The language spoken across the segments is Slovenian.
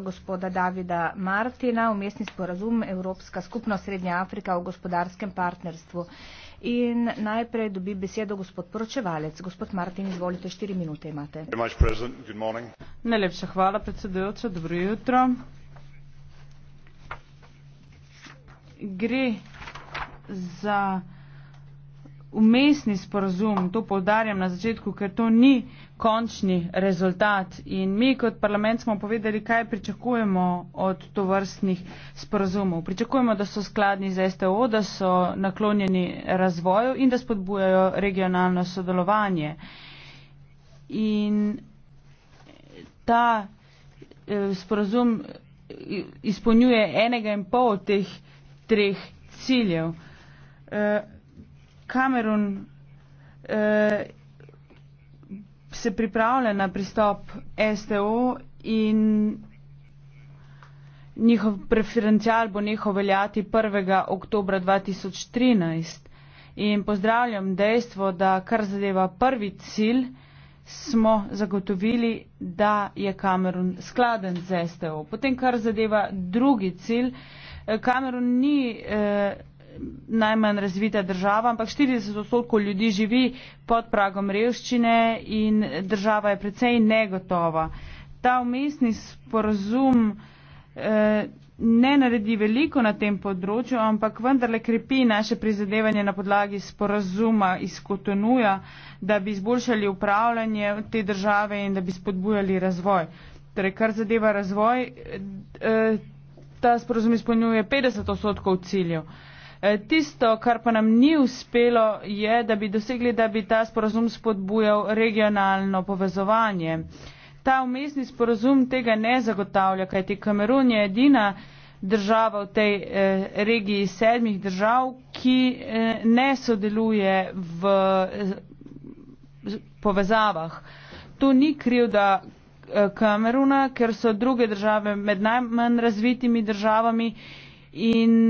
gospoda Davida Martina, umestni sporazum Evropska skupnost Srednja Afrika o gospodarskem partnerstvu. In najprej dobi besedo gospod poročevalec. Gospod Martin, izvolite, štiri minute imate. Najlepša hvala, predsedujoča, dobro jutro. Gre za umestni sporozum, to povdarjam na začetku, ker to ni končni rezultat. In mi kot parlament smo povedali, kaj pričakujemo od tovrstnih sporozumov. Pričakujemo, da so skladni za STO, da so naklonjeni razvoju in da spodbujajo regionalno sodelovanje. In ta eh, sporozum eh, izpolnjuje enega in pol teh treh ciljev. Eh, Kamerun eh, se pripravlja na pristop STO in njihov preferencial bo nehal veljati 1. oktober 2013. In pozdravljam dejstvo, da kar zadeva prvi cilj, smo zagotovili, da je Kamerun skladen z STO. Potem, kar zadeva drugi cilj, Kamerun eh, ni. Eh, najmanj razvita država, ampak 40 odstotkov ljudi živi pod pragom revščine in država je precej negotova. Ta umestni sporozum eh, ne naredi veliko na tem področju, ampak vendarle krepi naše prizadevanje na podlagi sporozuma iz Kotonuja, da bi izboljšali upravljanje te države in da bi spodbujali razvoj. Torej, kar zadeva razvoj, eh, ta sporozum izpolnjuje 50 odstotkov ciljev. Eh, tisto, kar pa nam ni uspelo, je, da bi dosegli, da bi ta sporozum spodbujal regionalno povezovanje. Ta umestni sporozum tega ne zagotavlja, kajti Kamerun je edina država v tej eh, regiji sedmih držav, ki eh, ne sodeluje v eh, povezavah. To ni krivda eh, Kameruna, ker so druge države med najmanj razvitimi državami in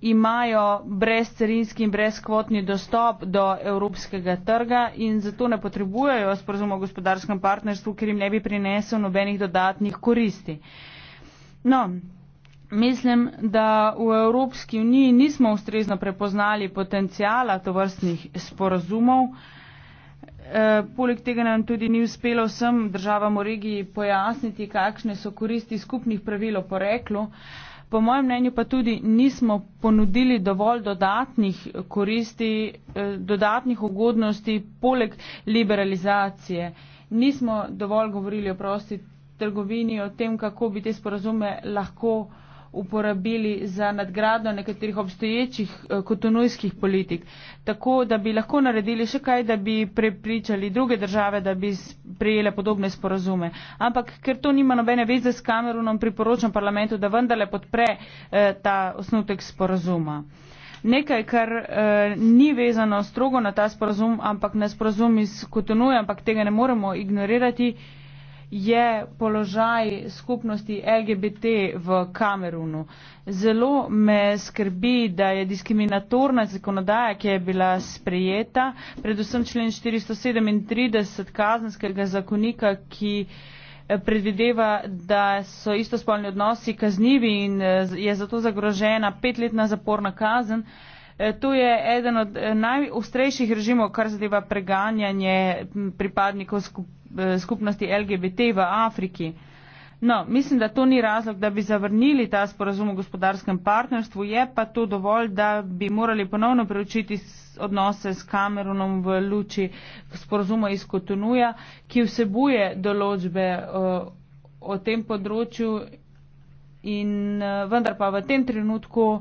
imajo brezcerinski in brezkvotni dostop do evropskega trga in zato ne potrebujejo sporozuma o gospodarskem partnerstvu, ker jim ne bi prinesel nobenih dodatnih koristi. No, mislim, da v Evropski uniji nismo ustrezno prepoznali potencijala tovrstnih sporozumov. E, poleg tega nam tudi ni uspelo vsem državam v regiji pojasniti, kakšne so koristi skupnih pravil o poreklu. E, po mojem mnenju pa tudi nismo ponudili dovolj dodatnih koristi, eh, dodatnih ugodnosti poleg liberalizacije. Nismo dovolj govorili o prosti trgovini, o tem, kako bi te sporazume lahko uporabili za nadgradno nekaterih obstoječih eh, kotonujskih politik, tako da bi lahko naredili še kaj, da bi prepričali druge države, da bi prijele podobne sporazume. Ampak, ker to nima nobene veze s Kamerunom, priporočam parlamentu, da vendarle podpre eh, ta osnutek sporazuma. Nekaj, kar eh, ni vezano strogo na ta sporazum, ampak na sporazum iz Kotonuja, ampak tega ne moremo ignorirati, je položaj skupnosti LGBT v Kamerunu. Zelo me skrbi, da je diskriminatorna zakonodaja, ki je bila sprejeta, predvsem člen 437 kaznskega zakonika, ki eh, predvideva, da so istospolni odnosi kaznivi in eh, je zato zagrožena petletna zaporna kazen. Eh, to je eden od eh, najostrejših režimov, kar zadeva preganjanje pripadnikov eh, skupnosti LGBT v Afriki. No, mislim, da to ni razlog, da bi zavrnili ta sporazum o gospodarskem partnerstvu, je pa to dovolj, da bi morali ponovno preučiti odnose s Kamerunom v luči sporazuma iz Kotonuja, ki vsebuje določbe uh, o tem področju, in, uh, vendar pa v tem trenutku uh,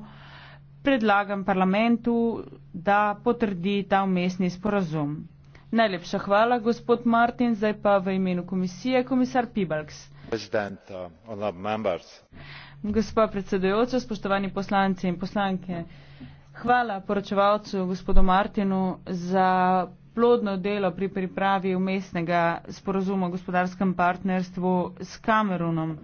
predlagam parlamentu, da potrdi ta umestni sporazum. Najlepša hvala, gospod Martin, zdaj pa v imenu komisije, komisar Pibalks. Uh, Gospa predsedujoča, spoštovani poslanci in poslanke, hvala poročevalcu, gospodu Martinu, za plodno delo pri pripravi umestnega sporazuma o gospodarskem partnerstvu s Kamerunom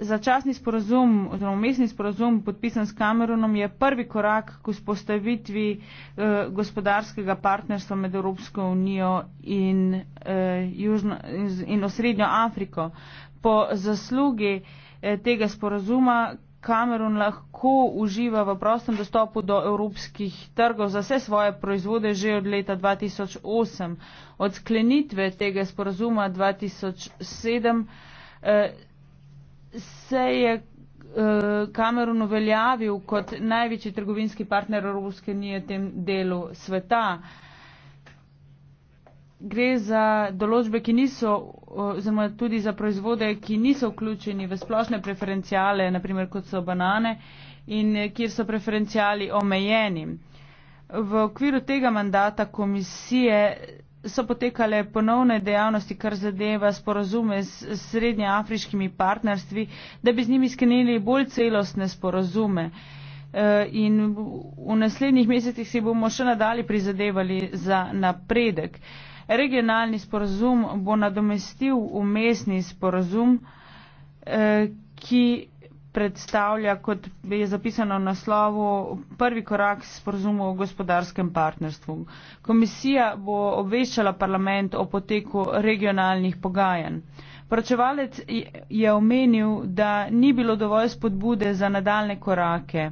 začasni sporozum oziroma umestni sporozum podpisan s Kamerunom je prvi korak k vzpostavitvi eh, gospodarskega partnerstva med Evropsko unijo in, eh, južno, in osrednjo Afriko. Po zaslugi eh, tega sporozuma Kamerun lahko uživa v prostem dostopu do evropskih trgov za vse svoje proizvode že od leta 2008. Od sklenitve tega sporozuma 2007 eh, se je Kamerun eh, uveljavil kot največji trgovinski partner Evropske unije v tem delu sveta. Gre za določbe, ki niso, eh, oziroma tudi za proizvode, ki niso vključeni v splošne preferencijale, naprimer kot so banane in eh, kjer so preferencijali omejeni. V okviru tega mandata komisije so potekale ponovne dejavnosti, kar zadeva sporozume s srednjeafriškimi partnerstvi, da bi z njimi sklenili bolj celostne sporozume. E, in v naslednjih mesecih si bomo še nadalje prizadevali za napredek. Regionalni sporozum bo nadomestil umestni sporozum, e, ki predstavlja, kot je zapisano v naslovu, prvi korak s porozumom o gospodarskem partnerstvu. Komisija bo obveščala parlament o poteku regionalnih pogajanj. Pročevalec je omenil, da ni bilo dovolj spodbude za nadaljne korake.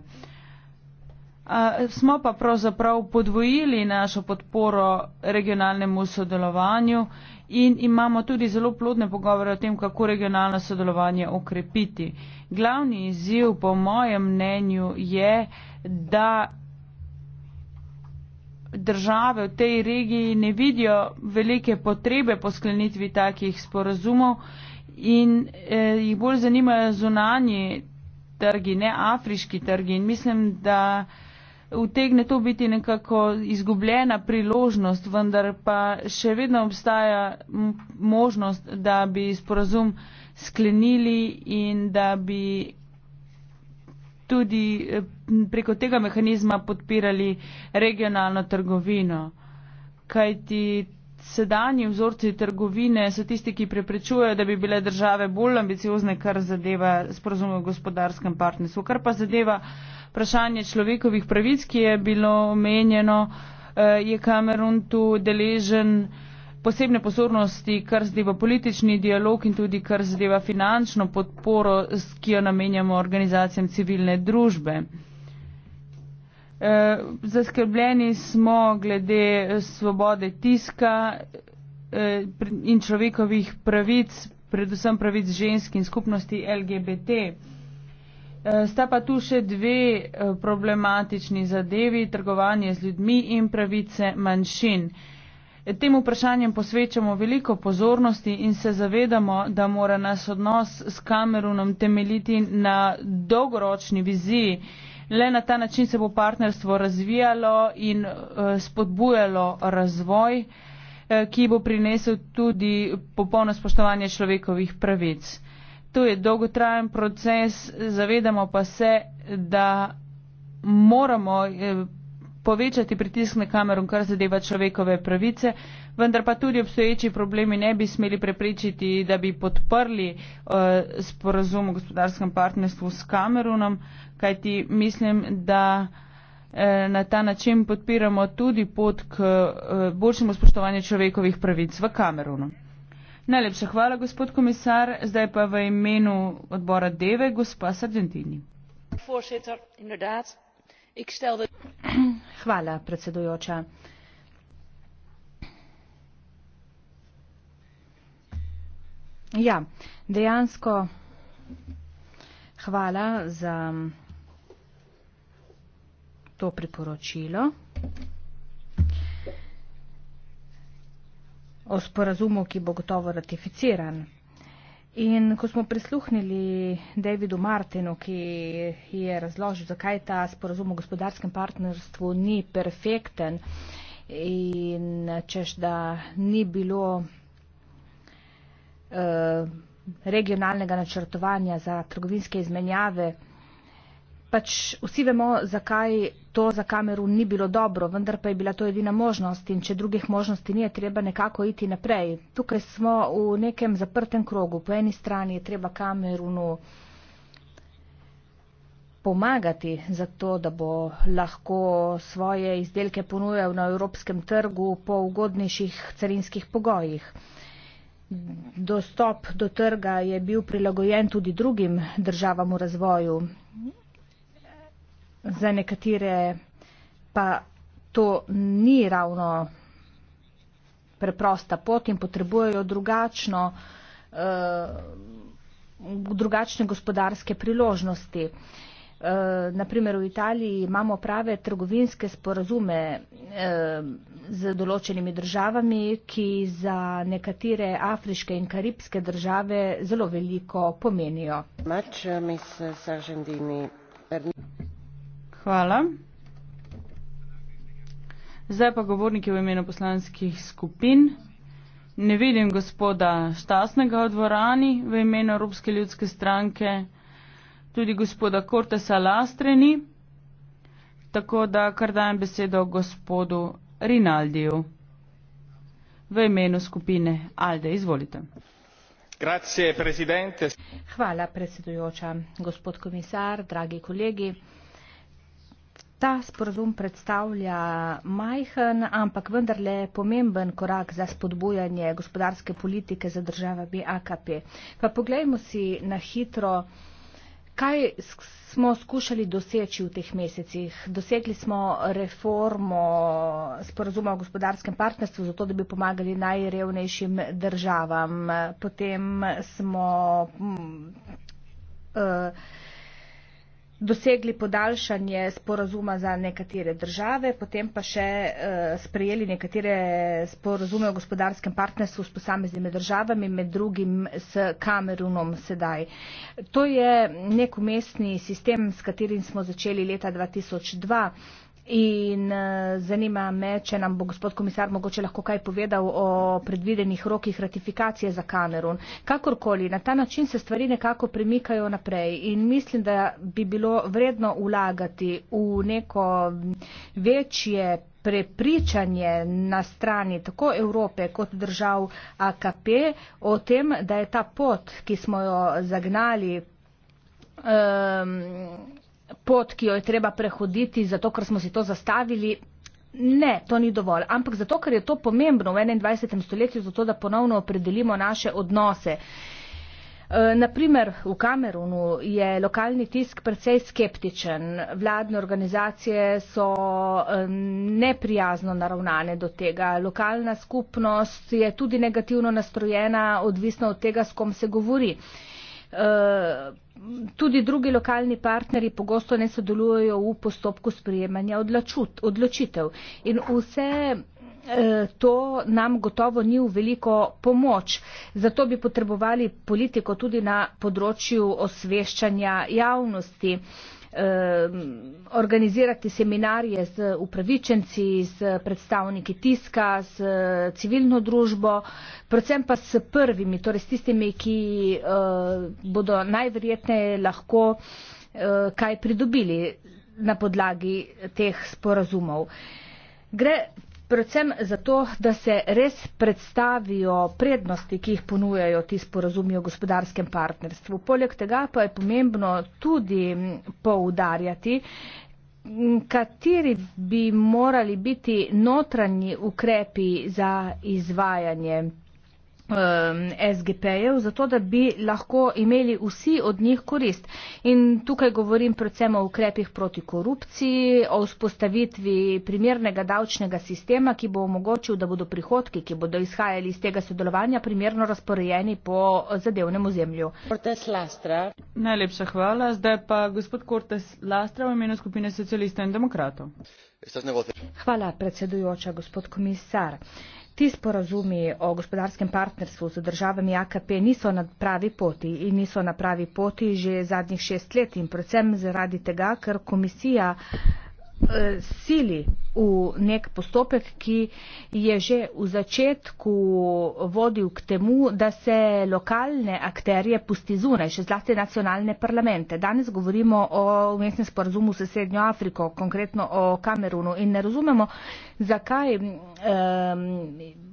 A, smo pa pravzaprav podvojili našo podporo regionalnemu sodelovanju in imamo tudi zelo plodne pogovore o tem, kako regionalno sodelovanje okrepiti. Glavni izziv, po mojem mnenju, je, da države v tej regiji ne vidijo velike potrebe po sklenitvi takih sporazumov in eh, jih bolj zanimajo zunanji trgi, ne afriški trgi. In mislim, da eh, utegne to biti nekako izgubljena priložnost, vendar pa še vedno obstaja možnost, da bi sporazum sklenili in da bi tudi eh, preko tega mehanizma podpirali regionalno trgovino. Kajti sedanji vzorci trgovine so tisti, ki preprečujejo, da bi bile države bolj ambiciozne, kar zadeva sporozum o gospodarskem partnerstvu. Kar pa zadeva uh, vprašanje človekovih pravic, ki je bilo omenjeno, eh, je Kamerun tu deležen posebne pozornosti, kar zadeva politični dialog in tudi kar zadeva finančno podporo, ki jo namenjamo organizacijam civilne družbe. Eh, zaskrbljeni smo glede eh, svobode tiska in človekovih pravic, predvsem pravic žensk in skupnosti LGBT. Eh, sta pa tu še dve eh, problematični zadevi, trgovanje z ljudmi in pravice manjšin. Eh, tem vprašanjem posvečamo veliko pozornosti in se zavedamo, da mora nas odnos s Kamerunom temeljiti na dolgoročni viziji. Le na ta način se bo partnerstvo razvijalo in spodbujalo razvoj, ki bo prinesel tudi popolno spoštovanje človekovih pravic to je dolgotrajen proces, zavedamo pa se, da moramo eh, povečati pritisk na kamerom, kar zadeva človekove pravice, vendar pa tudi obstoječi problemi ne bi smeli preprečiti, da bi podprli uh, sporazum o gospodarskem partnerstvu s kamerunom, kajti mislim, da eh, na ta način podpiramo tudi pot k boljšemu spoštovanju človekovih pravic v Kamerunu. Najlepša hvala, gospod komisar. Zdaj pa v imenu odbora Deve, gospa Sargentini. Hvala, predsedujoča. Ja, dejansko hvala za to priporočilo. o sporazumu, ki bo gotovo ratificiran. In ko smo prisluhnili Davidu Martinu, ki je razložil, zakaj ta sporazum o gospodarskem partnerstvu ni perfekten in češ, da ni bilo eh, regionalnega načrtovanja za trgovinske izmenjave, pač vsi vemo, zakaj to za kameru ni bilo dobro, vendar pa je bila to edina možnost in če drugih možnosti ni, je treba nekako iti naprej. Tukaj smo v nekem zaprtem krogu. Po eni strani je treba kamerunu pomagati za to, da bo lahko svoje izdelke ponujal na evropskem trgu po ugodnejših carinskih pogojih. Dostop do trga je bil prilagojen tudi drugim državam v razvoju. Za nekatere pa to ni ravno preprosta pot in potrebujejo drugačno, eh, drugačne gospodarske priložnosti. Eh, Naprimer v Italiji imamo prave trgovinske sporazume eh, z določenimi državami, ki za nekatere afriške in karibske države zelo veliko pomenijo. Much, Hvala. Zdaj pa govorniki v imenu poslanskih skupin. Ne vidim gospoda Štasnega od dvorani v imenu Evropske ljudske stranke, tudi gospoda Kortesa Lastreni, tako da kar dajem besedo gospodu Rinaldiju v imenu skupine Alde. Izvolite. Hvala, predsedujoča, gospod komisar, dragi kolegi. Ta sporozum predstavlja majhen, ampak vendarle pomemben korak za spodbujanje gospodarske politike za države BAKP. Pa poglejmo si na hitro, kaj smo skušali doseči v teh mesecih. Dosegli smo reformo sporozuma o gospodarskem partnerstvu, zato da bi pomagali najrevnejšim državam. Potem smo. Uh, dosegli podaljšanje sporazuma za nekatere države, potem pa še eh, sprejeli nekatere sporazume o gospodarskem partnerstvu s posameznimi državami, med drugim s Kamerunom sedaj. To je nekomestni sistem, s katerim smo začeli leta 2002. In eh, zanima me, če nam bo gospod komisar mogoče lahko kaj povedal o predvidenih rokih ratifikacije za Kamerun. Kakorkoli, na ta način se stvari nekako premikajo naprej in mislim, da bi bilo vredno ulagati v neko večje prepričanje na strani tako Evrope kot držav AKP o tem, da je ta pot, ki smo jo zagnali, um, pot, ki jo je treba prehoditi, zato ker smo si to zastavili. Ne, to ni dovolj. Ampak zato, ker je to pomembno v 21. stoletju, zato da ponovno opredelimo naše odnose. E, Naprimer, v Kamerunu je lokalni tisk precej skeptičen, vladne organizacije so e, neprijazno naravnane do tega, lokalna skupnost je tudi negativno nastrojena, odvisno od tega, s kom se govori. E, tudi drugi lokalni partnerji pogosto ne sodelujejo v postopku sprejemanja odločitev. In vse eh, to nam gotovo ni v veliko pomoč. Zato bi potrebovali politiko tudi na področju osveščanja javnosti organizirati seminarje z upravičenci, z predstavniki tiska, z civilno družbo, predvsem pa s prvimi, torej s tistimi, ki eh, bodo najverjetneje lahko eh, kaj pridobili na podlagi teh sporazumov. Gre Predvsem zato, da se res predstavijo prednosti, ki jih ponujajo ti sporozumi o gospodarskem partnerstvu. Poleg tega pa je pomembno tudi poudarjati, kateri bi morali biti notranji ukrepi za izvajanje Um, SGP-jev, zato da bi lahko imeli vsi od njih korist. In tukaj govorim predvsem o ukrepih proti korupciji, o vzpostavitvi primernega davčnega sistema, ki bo omogočil, da bodo prihodki, ki bodo izhajali iz tega sodelovanja, primerno razporejeni po zadevnem ozemlju. Najlepša hvala. Zdaj pa gospod Kortes Lastra v imenu skupine socialistov in demokratov. Hvala, predsedujoča, gospod komisar. Ti sporazumi o gospodarskem partnerstvu z državami AKP niso na pravi poti in niso na pravi poti že zadnjih šest let in predvsem zaradi tega, ker komisija eh, sili v nek postopek, ki je že v začetku vodil k temu, da se lokalne akterje pusti zunaj, še zlasti nacionalne parlamente. Danes govorimo o umestnem sporazumu s Srednjo Afriko, konkretno o Kamerunu in ne razumemo, zakaj. Um,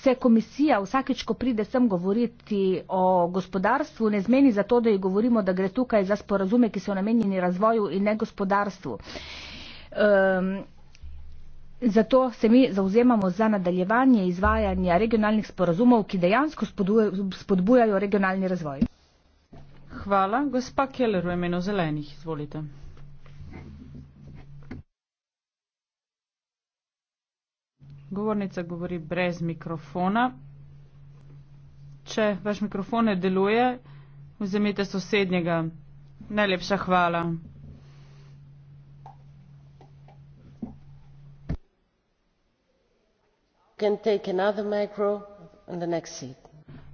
Se komisija vsakeč, ko pride sem govoriti o gospodarstvu, ne zmeni za to, da ji govorimo, da gre tukaj za sporazume, ki so namenjeni razvoju in ne gospodarstvu. Um, Zato se mi zauzemamo za nadaljevanje izvajanja regionalnih sporazumov, ki dejansko spodbujajo regionalni razvoj. Hvala. Gospa Keller v imenu zelenih, izvolite. Govornica govori brez mikrofona. Če vaš mikrofon ne deluje, vzemite sosednjega. Najlepša hvala.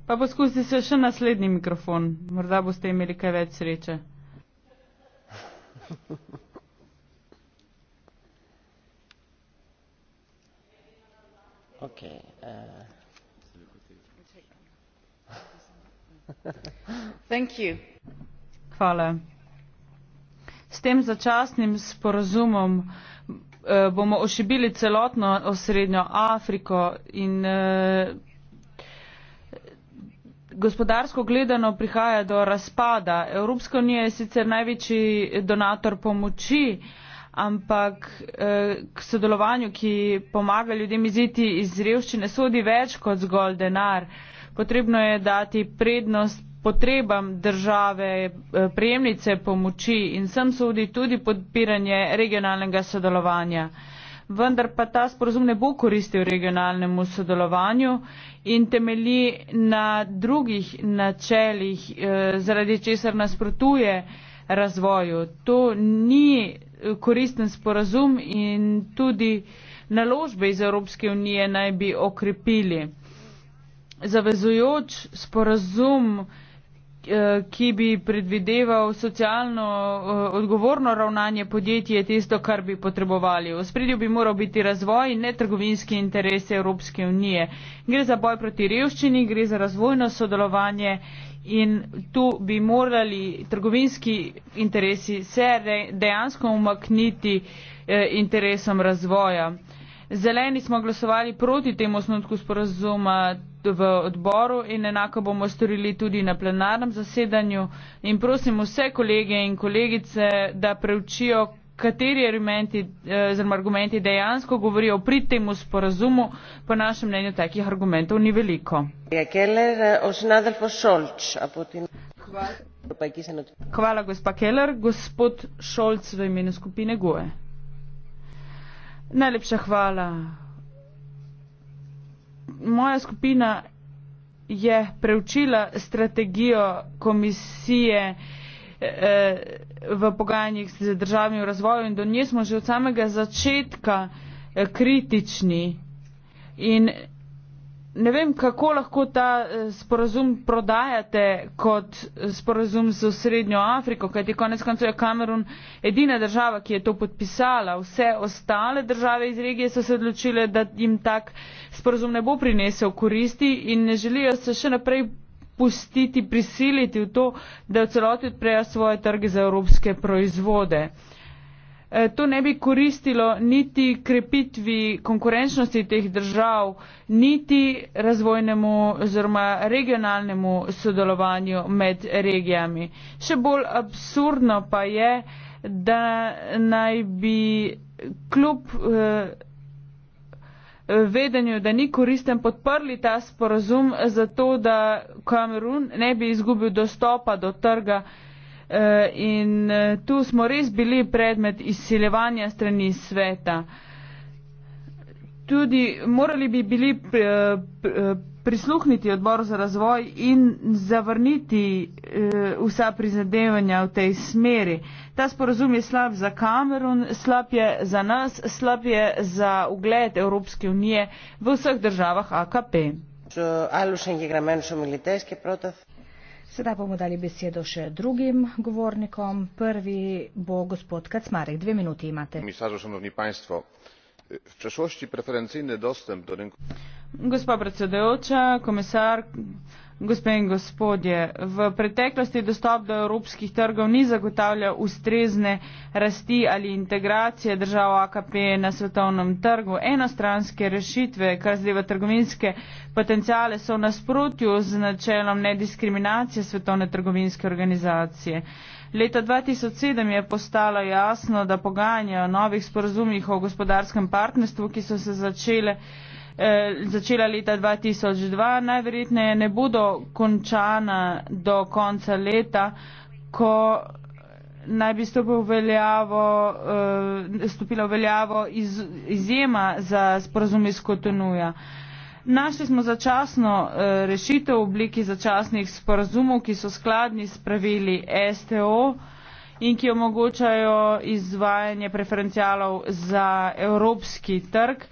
Pa poskusi se še naslednji mikrofon, morda boste imeli kaj več sreče. Okay, uh. Thank you. Hvala. S tem začasnim sporazumom. Eh, bomo ošibili celotno osrednjo Afriko in eh, gospodarsko gledano prihaja do razpada. Evropska unija je sicer največji donator pomoči, ampak eh, k sodelovanju, ki pomaga ljudem iziti iz revščine, sodi več kot zgolj denar. Potrebno je dati prednost potrebam države eh, prejemnice pomoči in sem sodi tudi podpiranje regionalnega sodelovanja. Vendar pa ta sporozum ne bo koristil regionalnemu sodelovanju in temelji na drugih načelih, eh, zaradi česar nasprotuje razvoju. To ni eh, koristen sporozum in tudi naložbe iz Evropske unije naj bi okrepili. Zavezujoč sporozum Eh, ki bi predvideval socialno eh, odgovorno ravnanje podjetij, je tisto, kar bi potrebovali. V spredju bi moral biti razvoj in ne trgovinski interese Evropske unije. Gre za boj proti revščini, gre za razvojno sodelovanje in tu bi morali trgovinski interesi se dejansko umakniti eh, interesom razvoja. Zeleni smo glasovali proti temu osnutku sporazuma, v odboru in enako bomo storili tudi na plenarnem zasedanju. In prosim vse kolege in kolegice, da preučijo, kateri argumenti, eh, argumenti dejansko govorijo pri tem sporazumu. Po našem mnenju takih argumentov ni veliko. Eh, hvala, gospa Keller. Gospod Šolc v imenu skupine Goe. Najlepša hvala moja skupina je preučila strategijo komisije eh, v pogajanjih z državami v razvoju in do nje smo že od samega začetka eh, kritični in ne vem, kako lahko ta eh, sporazum prodajate kot eh, sporazum z Srednjo Afriko, kajti konec koncev je Kamerun edina država, ki je to podpisala. Vse ostale države iz regije so se odločile, da jim tak sporazum ne bo prinesel koristi in ne želijo se še naprej pustiti, prisiliti v to, da v celoti odprejo svoje trge za evropske proizvode. Eh, to ne bi koristilo niti krepitvi konkurenčnosti teh držav, niti razvojnemu oziroma regionalnemu sodelovanju med regijami. Še bolj absurdno pa je, da naj bi kljub eh, vedenju, da ni koristen podprli ta sporazum, zato da Kamerun ne bi izgubil dostopa do trga Eh, in eh, tu smo res bili predmet izsilevanja strani sveta. Tudi morali bi bili eh, prisluhniti odbor za razvoj in zavrniti vsa prizadevanja v tej smeri. Ta sporozum je slab za Kamerun, slab je za nas, slab je za ugled Evropske unije v vseh državah AKP. Sedaj bomo dali besedo še drugim govornikom. Prvi bo gospod Kacmarek. Dve minuti imate. Komisar, šanovni państvo, v preteklosti preferencijni dostop do rinkov. Gospa predsedujoča, komisar, Gospe in gospodje, v preteklosti dostop do evropskih trgov ni zagotavljal ustrezne rasti ali integracije držav AKP na svetovnem trgu. Enostranske rešitve, kar zdeva trgovinske potencijale, so v nasprotju z načelom nediskriminacije svetovne trgovinske organizacije. Leta 2007 je postalo jasno, da pogajanja o novih sporazumih o gospodarskem partnerstvu, ki so se začele Eh, začela leta 2002. Najverjetneje ne bodo končana do konca leta, ko naj bi stopil veljavo, eh, stopila v veljavo iz, izjema za sporazum iz Kotonuja. Našli smo začasno eh, rešitev v obliki začasnih sporazumov, ki so skladni s pravili STO in ki omogočajo izvajanje preferencialov za evropski trg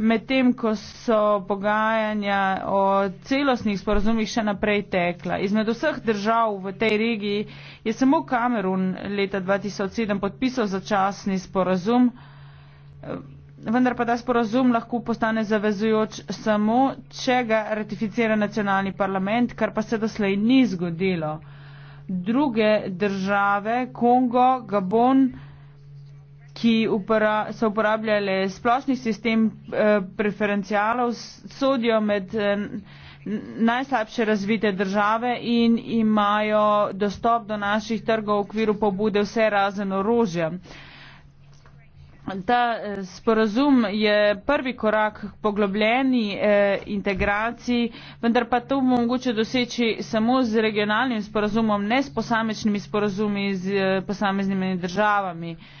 medtem ko so pogajanja o celostnih sporozumih še naprej tekla. Izmed vseh držav v tej regiji je samo Kamerun leta 2007 podpisal začasni sporozum, vendar pa ta sporozum lahko postane zavezujoč samo, če ga ratificira nacionalni parlament, kar pa se doslej ni zgodilo. Druge države, Kongo, Gabon, ki upra, so uporabljali splošni sistem eh, preferencialov, sodijo med eh, najslabše razvite države in imajo dostop do naših trgov v okviru pobude vse razen orožja. Ta eh, sporazum je prvi korak k poglobljeni eh, integraciji, vendar pa to bomo mogoče doseči samo z regionalnim sporazumom, ne s posamečnimi sporazumi z eh, posameznimi državami. Eh,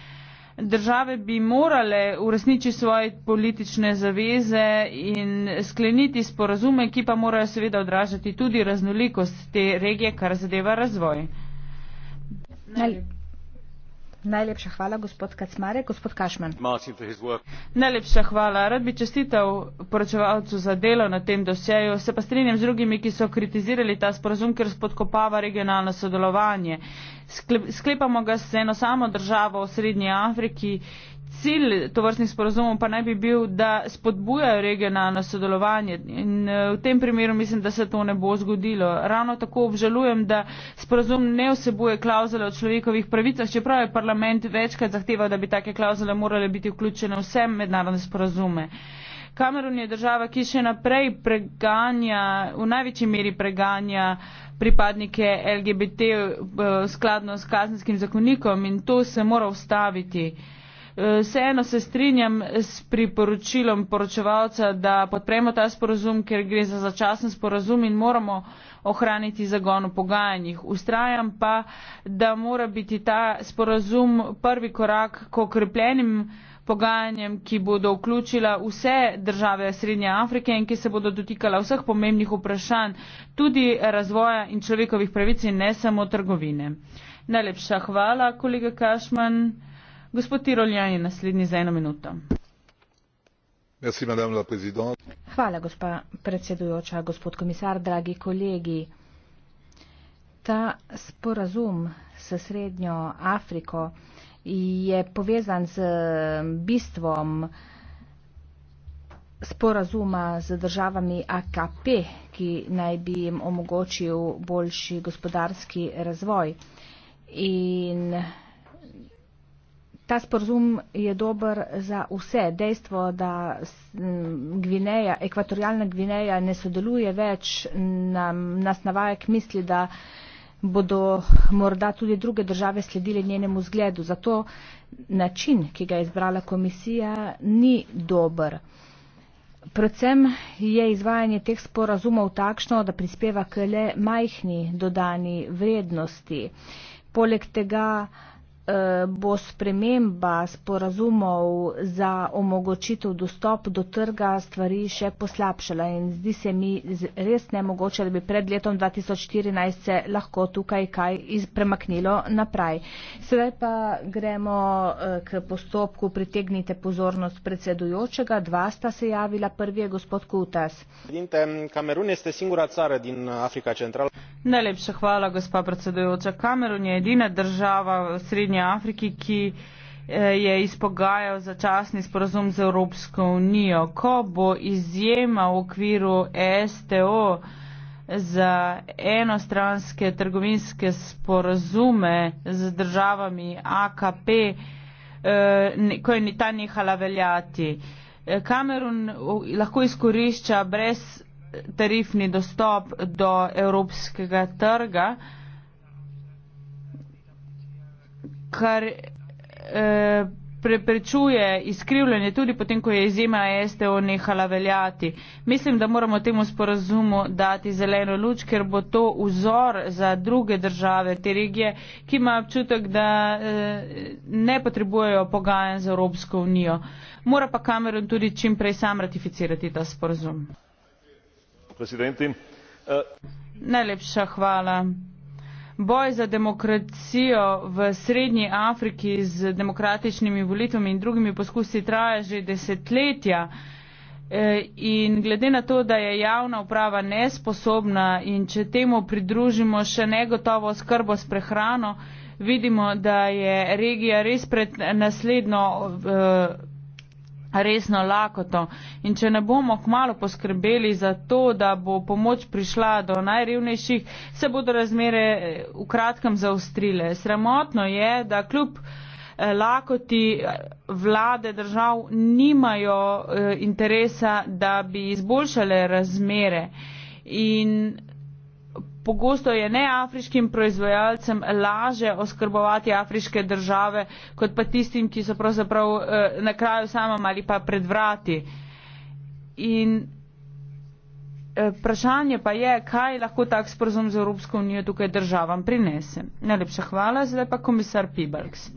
države bi morale uresničiti svoje politične zaveze in skleniti sporazume, ki pa morajo seveda odražati tudi raznolikost te regije, kar zadeva razvoj. Najlepša. Najlepša hvala, gospod Kacmare. Gospod Kašman. Najlepša hvala. Rad bi čestital poročevalcu za delo na tem dosjeju. Se pa strinjam z drugimi, ki so kritizirali ta sporozum, ker spodkopava regionalno sodelovanje. Sklepamo ga s eno samo državo v Srednji Afriki cilj tovrstnih sporozumov pa naj bi bil, da spodbujajo regionalno sodelovanje in eh, v tem primeru mislim, da se to ne bo zgodilo. Ravno tako obžalujem, da sporozum ne vsebuje klauzule o človekovih pravicah, čeprav je parlament večkrat zahteval, da bi take klauzule morale biti vključene v vse mednarodne sporozume. Kamerun je država, ki še naprej preganja, v največji meri preganja pripadnike LGBT eh, skladno s kazenskim zakonikom in to se mora ustaviti. Eh, vseeno se strinjam s priporočilom poročevalca, da podpremo ta sporozum, ker gre za začasen sporozum in moramo ohraniti zagon v pogajanjih. Ustrajam pa, da mora biti ta sporozum prvi korak k okrepljenim pogajanjem, ki bodo vključila vse države Srednje Afrike in ki se bodo dotikala vseh pomembnih vprašanj, tudi razvoja in človekovih pravic in ne samo trgovine. Najlepša hvala, kolega Kašman. Gospod Tiroljan je naslednji za eno minuto. Merci, la Hvala, gospa predsedujoča, gospod komisar, dragi kolegi. Ta sporazum s Srednjo Afriko je povezan z bistvom sporazuma z državami AKP, ki naj bi jim omogočil boljši gospodarski razvoj. In ta sporozum je dober za vse. Dejstvo, da Gvineja, ekvatorijalna Gvineja ne sodeluje več, nam, nas navaja k misli, da bodo morda tudi druge države sledile njenemu zgledu. Zato način, ki ga je izbrala komisija, ni dober. Predvsem je izvajanje teh sporazumov takšno, da prispeva k le majhni dodani vrednosti. Poleg tega, Eh, bo sprememba sporazumov za omogočitev dostop do trga stvari še poslabšala in zdi se mi res nemogoče, da bi pred letom 2014 se lahko tukaj kaj premaknilo naprej. Sedaj pa gremo eh, k postopku, pritegnite pozornost predsedujočega, dva sta se javila, prvi je gospod Kutas. Kamerun je sigurna država v Afriki centralne. Najlepša hvala, gospa predsedujoča. Kamerun je edina država v Srednji Afriki, ki eh, je izpogajal začasni sporozum z Evropsko unijo. Ko bo izjema v okviru STO za enostranske trgovinske sporozume z državami AKP, eh, ko je ni ta nehala veljati. Eh, Kamerun lahko izkorišča brez tarifni dostop do evropskega trga, kar eh, preprečuje izkrivljanje tudi potem, ko je izjema STO nehala veljati. Mislim, da moramo temu sporazumu dati zeleno luč, ker bo to vzor za druge države te regije, ki ima občutek, da eh, ne potrebujejo pogajanj z Evropsko unijo. Mora pa Cameron tudi čim prej sam ratificirati ta sporazum najlepša hvala. boj za demokracijo v srednji afriki z demokratičnimi volitvami in drugimi poskusi traja že desetletja e, in glede na to da je javna uprava nesposobna in če temu pridružimo še negotovo skrbo s prehrano vidimo da je regija res pred naslednjo uh, resno lakoto. In če ne bomo kmalo poskrbeli za to, da bo pomoč prišla do najrevnejših, se bodo razmere eh, v kratkem zaustrile. Sramotno je, da kljub eh, lakoti eh, vlade držav nimajo interesa, da bi izboljšale razmere. In Pogosto je neafriškim proizvajalcem laže oskrbovati afriške države, kot pa tistim, ki so pravzaprav eh, na kraju samem ali pa pred vrati. In eh, vprašanje pa je, kaj lahko tak sporozum z Evropsko unijo tukaj državam prinese. Najlepša hvala, zdaj pa komisar Pibalks.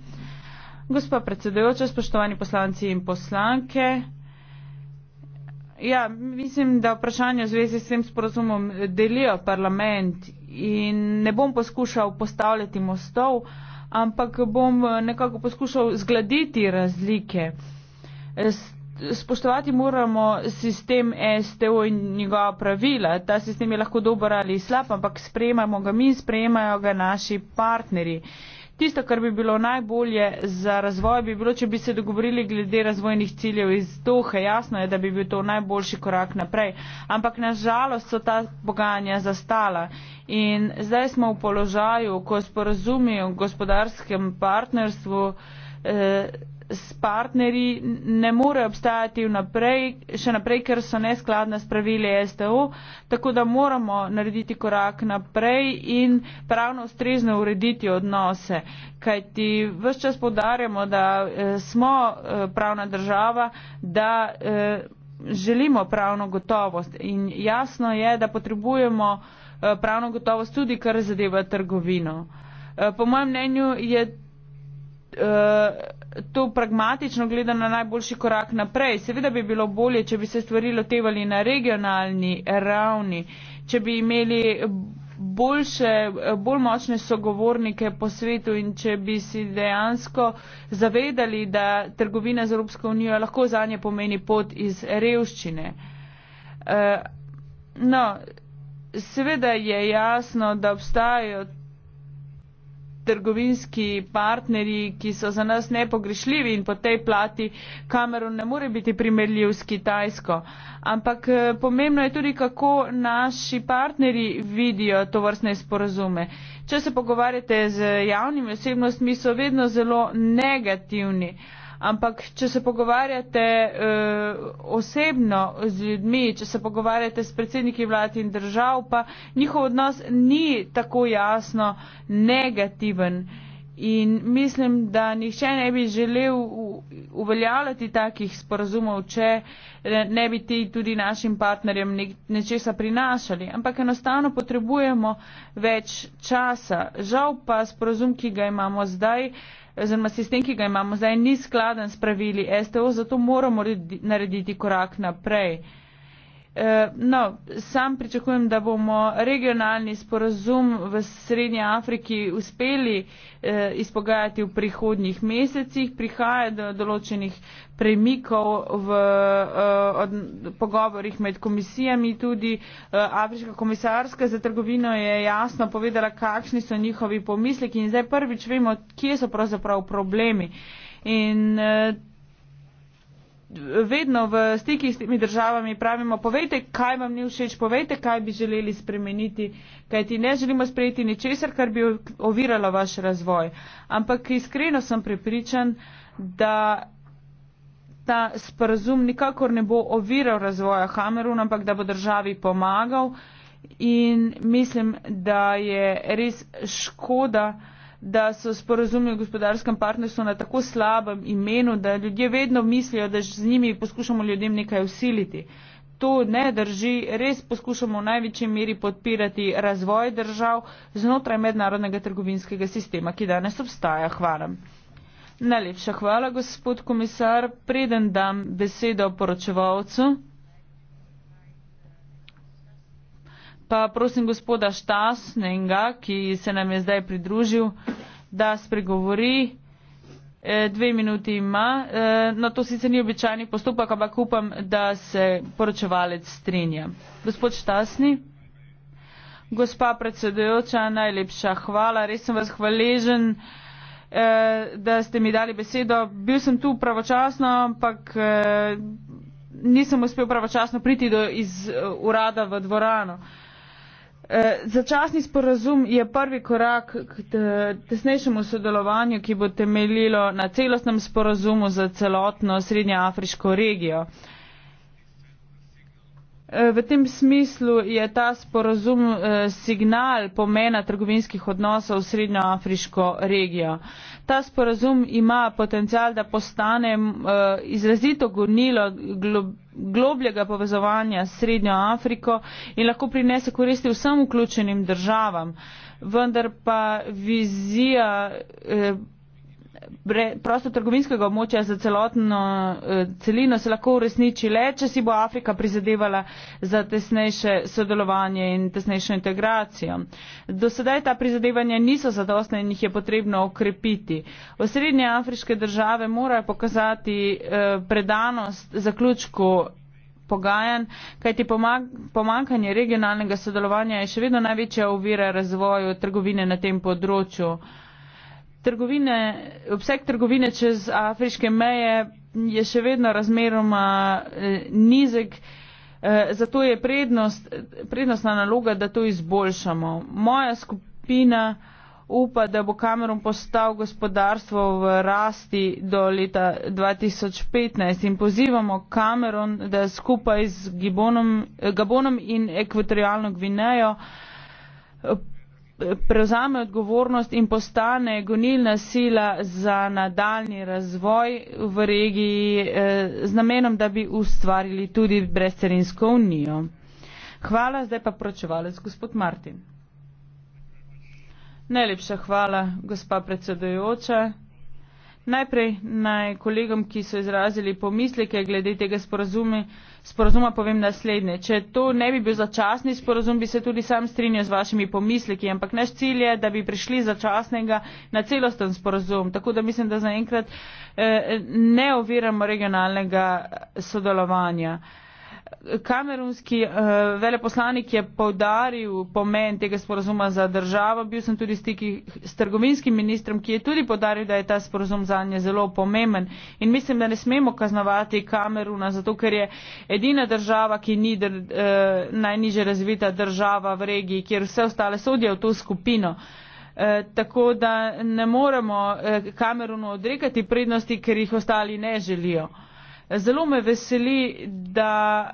Gospa predsedujoča, spoštovani poslanci in poslanke ja, mislim, da vprašanje v zvezi s tem sporozumom delijo parlament in ne bom poskušal postavljati mostov, ampak bom eh, nekako poskušal zgladiti razlike. Spoštovati moramo sistem STO in njegova pravila. Ta sistem je lahko dober ali slab, ampak sprejemamo ga mi, sprejemajo ga naši partnerji. Tisto, kar bi bilo najbolje za razvoj, bi bilo, če bi se dogovorili glede razvojnih ciljev iz Dohe. Jasno je, da bi bil to najboljši korak naprej. Ampak nažalost so ta pogajanja zastala. In zdaj smo v položaju, ko sporazumijo o gospodarskem partnerstvu. Eh, s partnerji ne more obstajati vnaprej, še naprej, ker so neskladna s pravili STO, tako da moramo narediti korak naprej in pravno ustrezno urediti odnose. Kaj ti vse čas podarjamo, da eh, smo eh, pravna država, da eh, želimo pravno gotovost in jasno je, da potrebujemo eh, pravno gotovost tudi, kar zadeva trgovino. Eh, po mojem mnenju je. Eh, to pragmatično gledano najboljši korak naprej. Seveda bi bilo bolje, če bi se stvari lotevali na regionalni ravni, če bi imeli boljše, bolj močne sogovornike po svetu in če bi si dejansko zavedali, da trgovina z Evropsko unijo lahko za nje pomeni pot iz revščine. Eh, no, seveda je jasno, da obstajajo trgovinski partnerji, ki so za nas nepogrešljivi in po tej plati Kamerun ne more biti primerljiv s Kitajsko. Ampak eh, pomembno je tudi, kako naši partnerji vidijo to vrstne sporozume. Če se pogovarjate z javnimi osebnostmi, so vedno zelo negativni. Uh, ampak če se pogovarjate uh, osebno z ljudmi, če se pogovarjate s predsedniki vlad in držav, pa njihov odnos ni tako jasno negativen. In mislim, da nihče ne bi želel uveljavljati takih sporazumov, če eh, ne bi ti tudi našim partnerjem nečesa prinašali. Ampak enostavno potrebujemo več časa. Žal pa sporazum, ki ga imamo zdaj, eh, oziroma sistem, ki ga imamo zdaj, ni skladen s pravili STO, zato moramo narediti korak naprej. Eh, no, sam pričakujem, da bomo regionalni sporozum v Srednji Afriki uspeli eh, izpogajati v prihodnjih mesecih. Prihaja do določenih premikov v eh, pogovorih med komisijami. Tudi Afriška komisarska za trgovino je jasno povedala, kakšni so njihovi pomisleki in zdaj prvič vemo, kje so pravzaprav problemi. In, vedno v stiki s temi državami pravimo, povejte, kaj vam ni všeč, povejte, kaj bi želeli spremeniti, kajti ne želimo sprejeti ničesar, kar bi oviralo vaš razvoj. Ampak iskreno sem prepričan, da ta sporazum nikakor ne bo oviral razvoja Hamerun, ampak da bo državi pomagal in mislim, da je res škoda, da da so sporozumi o gospodarskem partnerstvu na tako slabem imenu, da ljudje vedno mislijo, da z njimi poskušamo ljudem nekaj usiliti. To ne drži, res poskušamo v največji meri podpirati razvoj držav znotraj mednarodnega trgovinskega sistema, ki danes obstaja. Hvala. Najlepša hvala, gospod komisar. Preden dam besedo poročevalcu. pa prosim gospoda Štasnega, ki se nam je zdaj pridružil, da spregovori. E, dve minuti ima, e, no to sicer ni običajni postopek, ampak upam, da se poročevalec strinja. Gospod Štasni, gospa predsedujoča, najlepša hvala, res sem vas hvaležen, e, da ste mi dali besedo. Bil sem tu pravočasno, ampak e, nisem uspel pravočasno priti do, iz uh, urada v dvorano. E, Eh, začasni sporazum je prvi korak k tesnejšemu sodelovanju, ki bo temeljilo na celostnem sporazumu za celotno srednjeafriško regijo. Eh, v tem smislu je ta sporozum eh, signal pomena trgovinskih odnosov v srednjoafriško regijo. Ta sporozum ima potencial, da postane eh, izrazito gonilo globljega povezovanja s Srednjo Afriko in lahko prinese koristi vsem vključenim državam. Vendar pa vizija. Eh, prostotrgovinskega območja za celotno eh, celino se lahko uresniči le, če si bo Afrika prizadevala za tesnejše sodelovanje in tesnejšo integracijo. Do sedaj ta prizadevanja niso zadostne in jih je potrebno okrepiti. Osrednje afriške države morajo pokazati eh, predanost zaključku pogajanj, kajti pomankanje regionalnega sodelovanja je še vedno največja ovira razvoju trgovine na tem področju trgovine, obseg trgovine čez afriške meje je še vedno razmeroma eh, nizek, eh, zato je prednost, prednostna naloga, da to izboljšamo. Moja skupina upa, da bo Kamerun postal gospodarstvo v rasti do leta 2015 in pozivamo Kamerun, da skupaj z Gibonom, eh, Gabonom in Ekvatorialno Gvinejo prevzame odgovornost in postane gonilna sila za nadaljni razvoj v regiji eh, z namenom, da bi ustvarili tudi brezcerinsko unijo. Hvala, zdaj pa pročevalec gospod Martin. Najlepša hvala, gospa predsedojoča. Najprej naj kolegom, ki so izrazili pomisleke glede tega sporazume, sporozuma povem naslednje. Če to ne bi bil začasni sporozum, bi se tudi sam strinjal z vašimi pomisleki, ampak naš cilj je, da bi prišli začasnega na celosten sporozum. Tako da mislim, da zaenkrat eh, ne oviramo regionalnega eh, sodelovanja. Eh, Kamerunski uh, veleposlanik je povdaril pomen tega sporozuma za državo. Bil sem tudi stiki s trgovinskim ministrom, ki je tudi podaril, da je ta sporozum za nje zelo pomemben. In mislim, da ne smemo kaznovati Kameruna, zato ker je edina država, ki ni dr, uh, eh, najniže razvita država v regiji, kjer vse ostale sodijo v to skupino. E, tako da ne moremo e, Kamerunu odrekati prednosti, ker jih ostali ne želijo. E, Zelo me veseli, da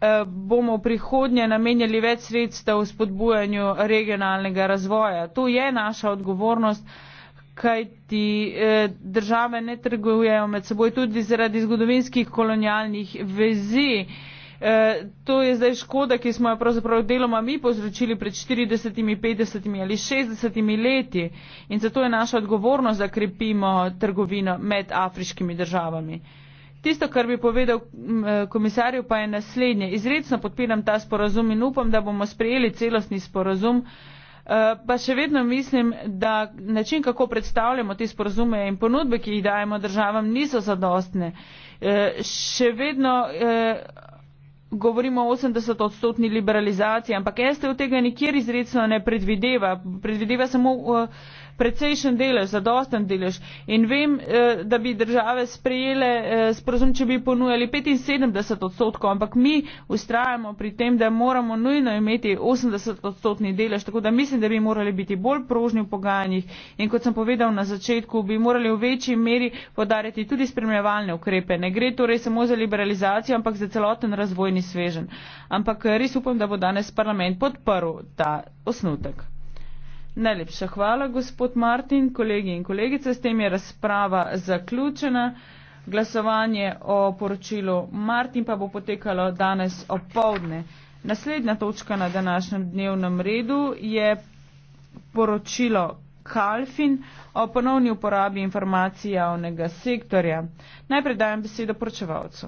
eh, bomo v prihodnje namenjali več sredstev v spodbujanju regionalnega razvoja. To je naša odgovornost, kajti eh, države ne trgujejo med seboj tudi zaradi zgodovinskih kolonialnih vezi. Eh, to je zdaj škoda, ki smo jo pravzaprav deloma mi povzročili pred 40, 50 ali 60 leti in zato je naša odgovornost, da krepimo trgovino med afriškimi državami. Tisto, kar bi povedal eh, komisarju, pa je naslednje. Izredno podpiram ta sporazum in upam, da bomo sprejeli celostni sporazum. Eh, pa še vedno mislim, da način, kako predstavljamo te sporozume in ponudbe, ki jih dajemo državam, niso zadostne. Eh, še vedno govorimo o 80-odstotni liberalizaciji, ampak STO tega nikjer izredno ne predvideva. Predvideva samo precejšen delež, zadosten delež. In vem, eh, da bi države sprejele eh, sporozum, če bi ponujali 75 odstotkov, ampak mi ustrajamo pri tem, da moramo nujno imeti 80 odstotni delež. Tako da mislim, da bi morali biti bolj prožni v pogajanjih. In kot sem povedal na začetku, bi morali v večji meri podariti tudi spremljevalne ukrepe. Ne gre torej samo za liberalizacijo, ampak za celoten razvojni svežen. Ampak eh, res upam, da bo danes parlament podprl ta osnutek. Najlepša hvala, gospod Martin, kolegi in kolegice. S tem je razprava zaključena. Glasovanje o poročilu Martin pa bo potekalo danes opovdne. Naslednja točka na današnjem dnevnem redu je poročilo Kalfin o ponovni uporabi informacij javnega sektorja. Najprej dajem besedo poročevalcu.